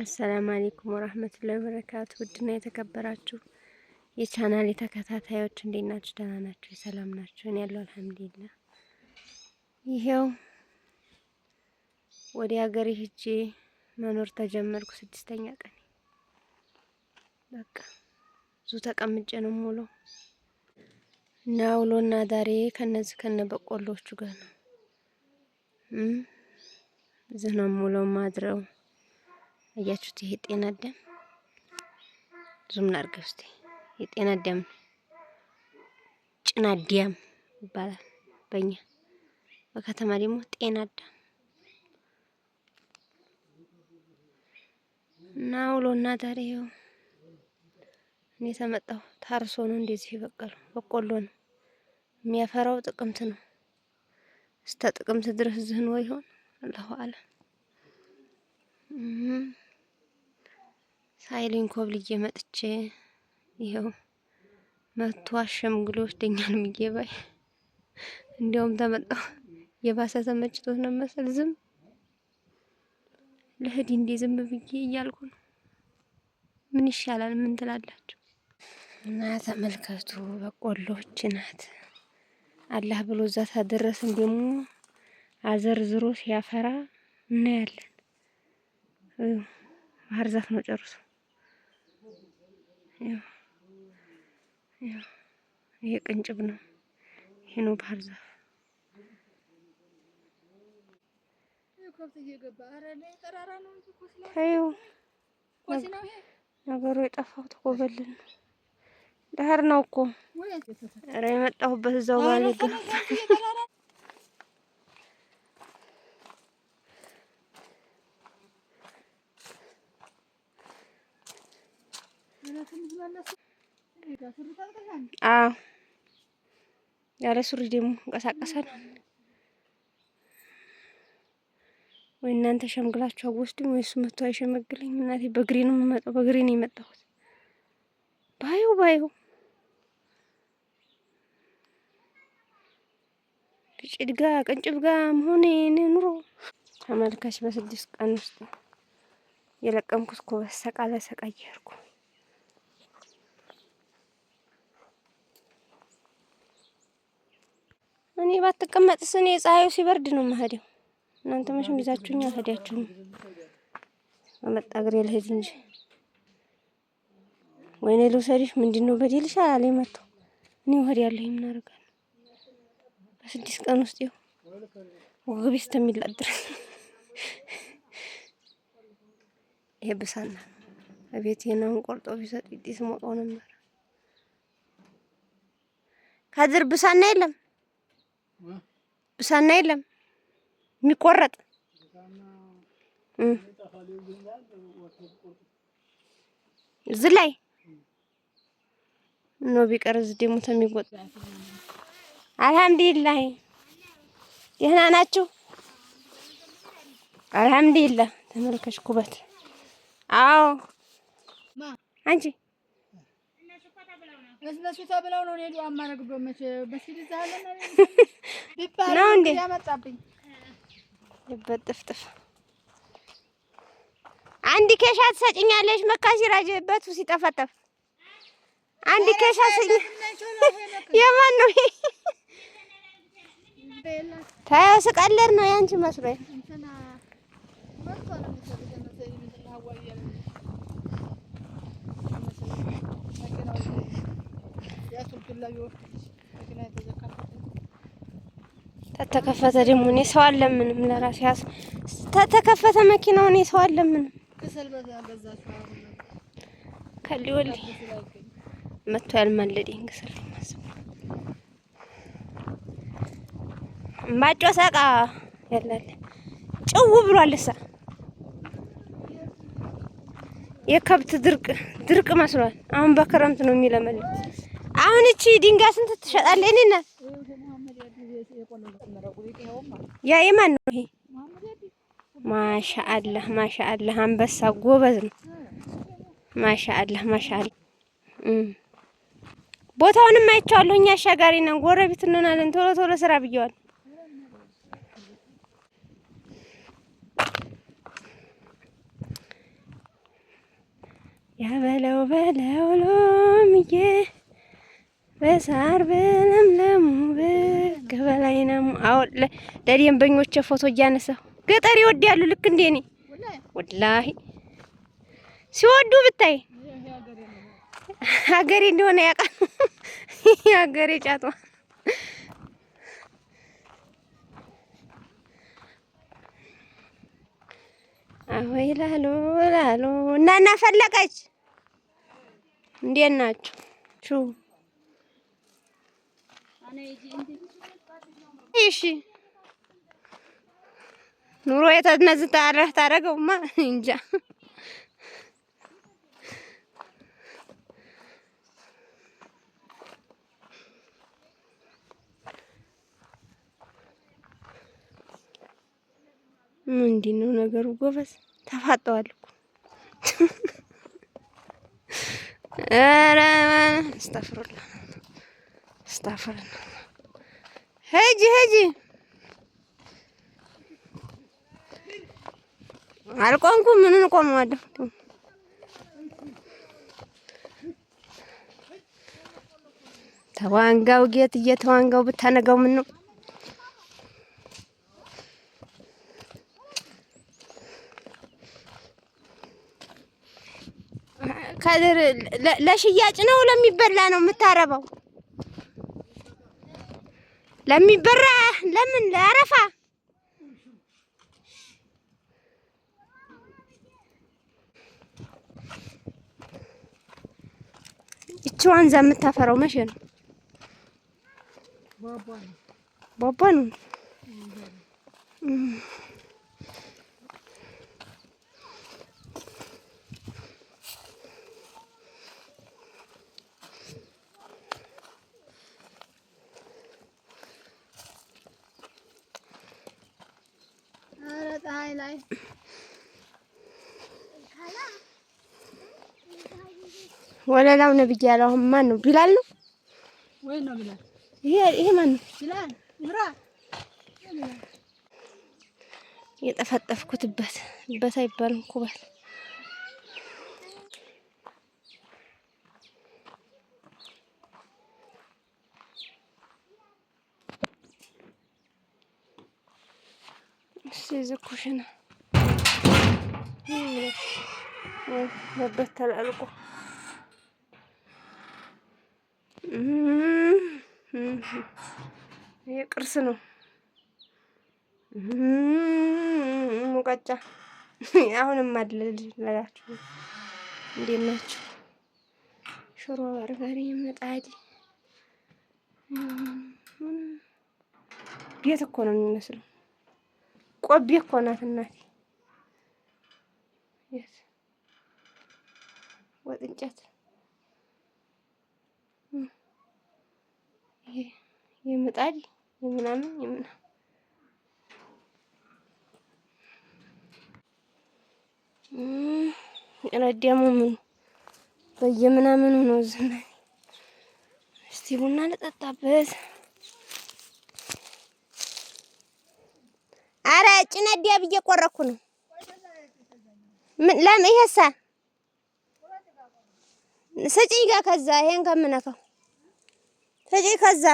አሰላሙ አለይኩም ወራህመቱላሂ ወበረካቱ። ውድና የተከበራችሁ የቻናል የተከታታዮች እንዴት ናችሁ? ደህና ናችሁ? ሰላም ናችሁ? እኔ ያለው አልሐምዱሊላ። ይሄው ወደ ሀገሬ ሂጄ መኖር ተጀመርኩ ስድስተኛ ቀን በቃ ብዙ ተቀምጬ ነው ሙሉ እና ውሎና ዳሬ ከነዚህ ከነ በቆሎቹ ጋር ነው ዝህ ነው ሙሉ ማድረው አያችሁት? ይሄ ጤና ደም ዙም ላድርገው እስቲ። የጤና ደም ጭና አዳም ይባላል በእኛ በከተማ ደግሞ ጤና አዳም እና ውሎና ዛሬ ይኸው እኔ ተመጣሁ። ታርሶ ነው እንደዚህ ይበቀሉ በቆሎ ነው የሚያፈራው። ጥቅምት ነው እስከ ጥቅምት ድረስ ዝህን ወይ ይሆን አላሁ አለም። ሳይሌን ኮብልዬ መጥቼ ይኸው መቶ አሸምግሎ ወስደኛል ብዬ ባይ እንዲያውም ተመጣሁ የባሰ ተመችቶት ነው መሰል ዝም ለህዲ እንዴ ዝም ብዬ እያልኩ ነው። ምን ይሻላል? ምን ትላላችሁ? እና ተመልከቱ በቆሎች ናት። አላህ ብሎ እዛ ታደረስን ደግሞ አዘርዝሮ ሲያፈራ እናያለን። ባህር ዛፍ ነው ጨርሶ ይሄ ቅንጭብ ነው። ይሄ ነው ባህር ዛፍ። ነገሩ የጠፋው ተቆበልን ነው። ዳህር ነው እኮ ኧረ የመጣሁበት እዛው ባለ አዎ ያለ ሱሪ ደግሞ እንቀሳቀሳል ወይ እናንተ ሸምግላችሁ አወስዱኝ ወይ እሱ መጥቶ አይሸመግለኝ። እናቴ በእግሬ ነው የምመጣው፣ በእግሬ ነው የመጣሁት። ባዩ ባዩ ቅጭድ ጋ ቅንጭብ ጋ መሆኔ እኔ ኑሮ ተመልካች በስድስት ቀን ውስጥ የለቀምኩት እኮ በሰቃ ለሰቃ እያልኩ እኔ ባትቀመጥ ስን የፀሐዩ ሲበርድ ነው መሄደው። እናንተ መቼም ይዛችሁኝ አልሄዳችሁም። በመጣ እግሬ ልሄድ እንጂ ወይኔ ልውሰድሽ ምንድን ነው በደልሽ አላለ መጥቶ እኔ ወህድ ያለሁ ምን አደርጋለሁ? በስድስት ቀን ውስጥ ይሁ ወገቤ እስከሚላጥ ይሄ ብሳና እቤት የናውን ቆርጦ ቢሰጥ ጢስ ሞጦ ነበር። ከድር ብሳና የለም ብሳና የለም የሚቆረጥ እዚ ላይ ነው ቢቀር እዚ ደግሞ ተሚቆጥ አልሐምዱሊላህ ደህና ናችሁ? አልሐምዱሊላህ ተመልከሽ ኩበት አዎ አንቺ ለስለሱ ተብለው ነው ሌሉ አማረግበት መቼ በሲል ይዛለና ነው እንዴ ያመጣብኝ ይበጥፍጥፍ አንድ ኬሻ ትሰጭኛለሽ? መካ ሲራጅበት ሲጠፈጠፍ አንድ ኬሻ ሰጭኝ። የማን ነው ታየው? ነው ያንቺ መስሎኝ። ተተከፈተ ደግሞ እኔ ሰው አለምንም ለራሴ ያስ ተተከፈተ መኪናው እኔ ሰው አለምንም ከሊወል መጥቶ ያልማለደኝ ግሰል ማሰብ ባጮ ሳቃ ያላለ ጭው ብሏል። እሳ የከብት ድርቅ ድርቅ መስሏል። አሁን በክረምት ነው የሚለመልት። አሁን እቺ ድንጋይ ስንት ትሸጣለ እኔ እና ያ የማን ነው ይሄ? ማሻአላህ ማሻአላህ፣ አንበሳ ጎበዝ ነው። ማሻአላህ ማሻአላህ። ቦታውንም አይቼዋለሁ። እኛ አሻጋሪ ነን፣ ጎረቤት እንሆናለን። ቶሎ ቶሎ ስራ ብየዋል። ያበለው በለው በለው በሳር በለምለሙ በገበላይነሙ አሁን ለደንበኞቼ ፎቶ እያነሳሁ ገጠር ይወዳሉ። ልክ እንደ እኔ ወላሂ ሲወዱ ብታይ ሀገሬ እንደሆነ ያውቃል። ሀገሬ ጫቷ አወይ ላሉ ላሉ እና እና ፈለቀች እንዴት ናችሁ? እሺ ኑሮ የተነዝ ታረህ ታረገውማ እንጃ ምንድን ነው ነገሩ? ጎበዝ ተፋጠዋል እኮ ኧረ አስተፍሩላ አስታፍርን ሂጂ ሂጂ አልቆምኩም። ምኑን ቆመዋለሁ? ተዋንጋው ጌትዬ እየተዋንጋው ብታነጋው ምን ነው ከድር ለሽያጭ ነው ለሚበላ ነው የምታረባው? ለሚበራ ለምን ለአረፋ ይቺ ዋንዛ የምታፈራው መቼ ነው? ቧቧ ነው። ፀሐይ ላይ ወለላው ነው ያለው አሁን ማን ነው ቢላል ነው ወይ ነው ቢላል? ይሄ ይሄ ማን ነው ቢላል? ምራ የጠፈጠፍኩትበት በታ ይባል ኩባል የዚህ ኩሽና በበት ተላልቆ ይሄ ቅርስ ነው። ሙቀጫ አሁንም አድለል ላላችሁ እንዴት ናችሁ? ሽሮ በርበሬ መጣድ ቤት እኮ ነው የሚመስለው። ቆቤ እኮ ናት እናቴ። ወጥ እንጨት የምጣድ የምናምን የምናምን ረዲያሙ ምኑ በየምናምኑ ነው ዝና። እስቲ ቡና ልጠጣበት። እየቆረኩ ነው። ምን ለም ይሄሳ ስጪኝ ጋር ከዛ ይሄን ከምነካው ስጪኝ ከዛ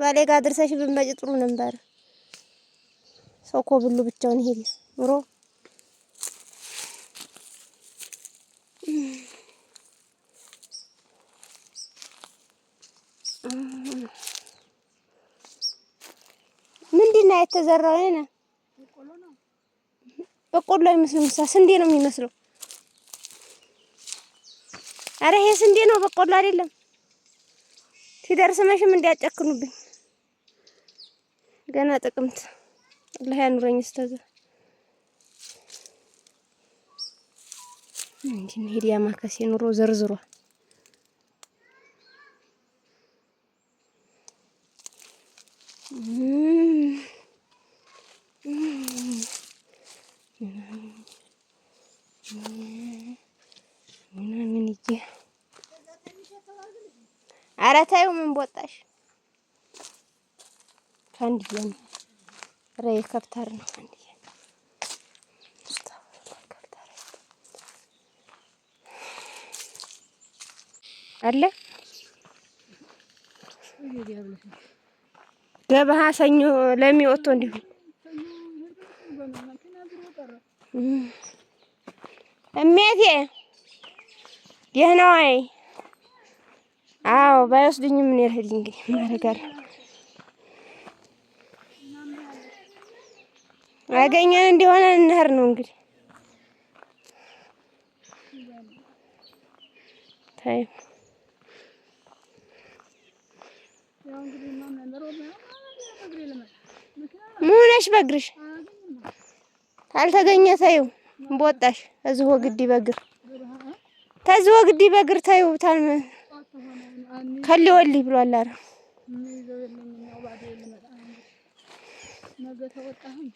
ባሌ ጋር ድርሰሽ ብመጭ ጥሩ ነበር። ሰው እኮ ብሉ ብቻውን ይሄድ ኑሮ ምንድን ነው የተዘራው? በቆሎ አይመስልም። እሷ ስንዴ ነው የሚመስለው። አረ ይሄ ስንዴ ነው በቆሎ አይደለም። ሲደርስ መሽም እንዲያጨክኑብኝ ገና ጥቅምት አላህ ያኑረኝ እስከዛ እንዲህ ሄድ ያማከሴ ኑሮ ዘርዝሯል። ምናምን እየ ኧረ ተይው፣ ምን ቦጣሽ? ከአንድዬ ነው። ኧረ የከብት ነው ከአንድዬ አለ ገበሃ ሰኞ ለሚወጥቶ እንዲሁ እሜቴ ደህና ወይ? አዎ፣ ባይወስድኝም ምን ይልህል እንግዲህ እናደርጋለን። አገኘን እንደሆነ እንሄድ ነው እንግዲህ ታይ ምን ሆነሽ በእግርሽ አልተገኘ ታዩ ቦጣሽ እዝሆ ግዲ በግር ተዝሆ ግዲ በግር ታዩ ታል ከሊወሊ ብሏል። አረ ነገ ተወጣህም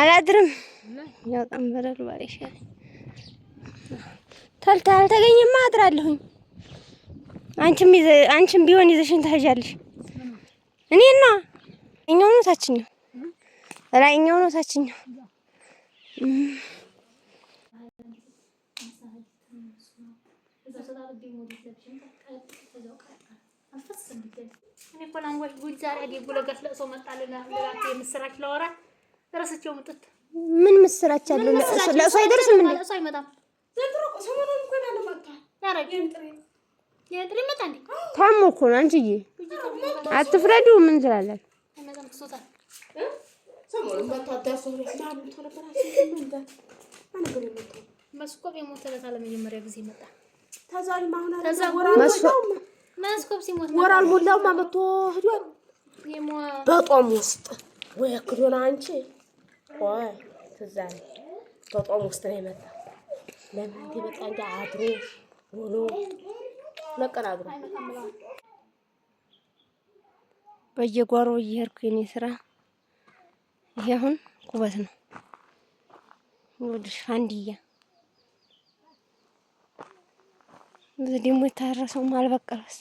አላድርም ያው ቀንበረል ባል ይሻለኝ። አልተገኘማ አድራለሁኝ። አንቺም ይዘ አንቺም ቢሆን ይዘሽን ትሄጃለሽ። እኔ ነው እኛው ነው ታችኛው ላይኛው ነው ታችኛው እኔ እኮ ላንጓች ጉድ ዛሬ ዲጉ ለጋሽ ለቅሶ መጣልላ የምስራች ላወራ እረስቸው ምጥት ምን ምስራች አለ? ለእሱ አይደርስም እንዴ? ለእሱ አይመጣም። ታሞ እኮ ነው። አንቺዬ አትፍረዱ። ምን ትላላችሁ? መስኮብ የሞተለት ለመጀመሪያ ጊዜ መጣ። መስኮብ ሲሞት ወር አልሞላውም መጥቶ ህዷል በጦም ውስጥ ወይ ክዶና አንቺ ትዝ አለኝ። ከጾም ውስጥ ነው የመጣ ለምን በቃ እንደ አድሮ ውሎ መቀናብሮ በየጓሮ እየሄድኩ የኔ ስራ ይሄ አሁን ኩበት ነው። ወድሽ ፋንድያ እዚህ ደግሞ የታረሰው አልበቀለስ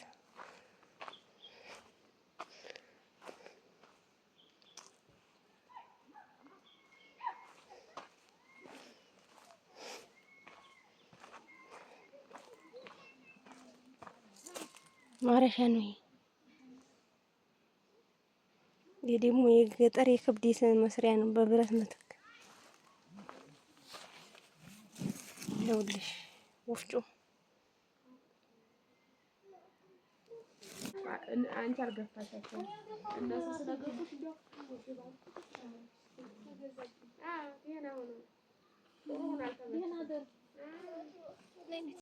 ማረሻ ነው ይሄ። ይህ ደግሞ የገጠር የክብደት መስሪያ ነው በብረት ምትክ። ይኸውልሽ ወፍጮ አንቺ አልገፋሻቸውም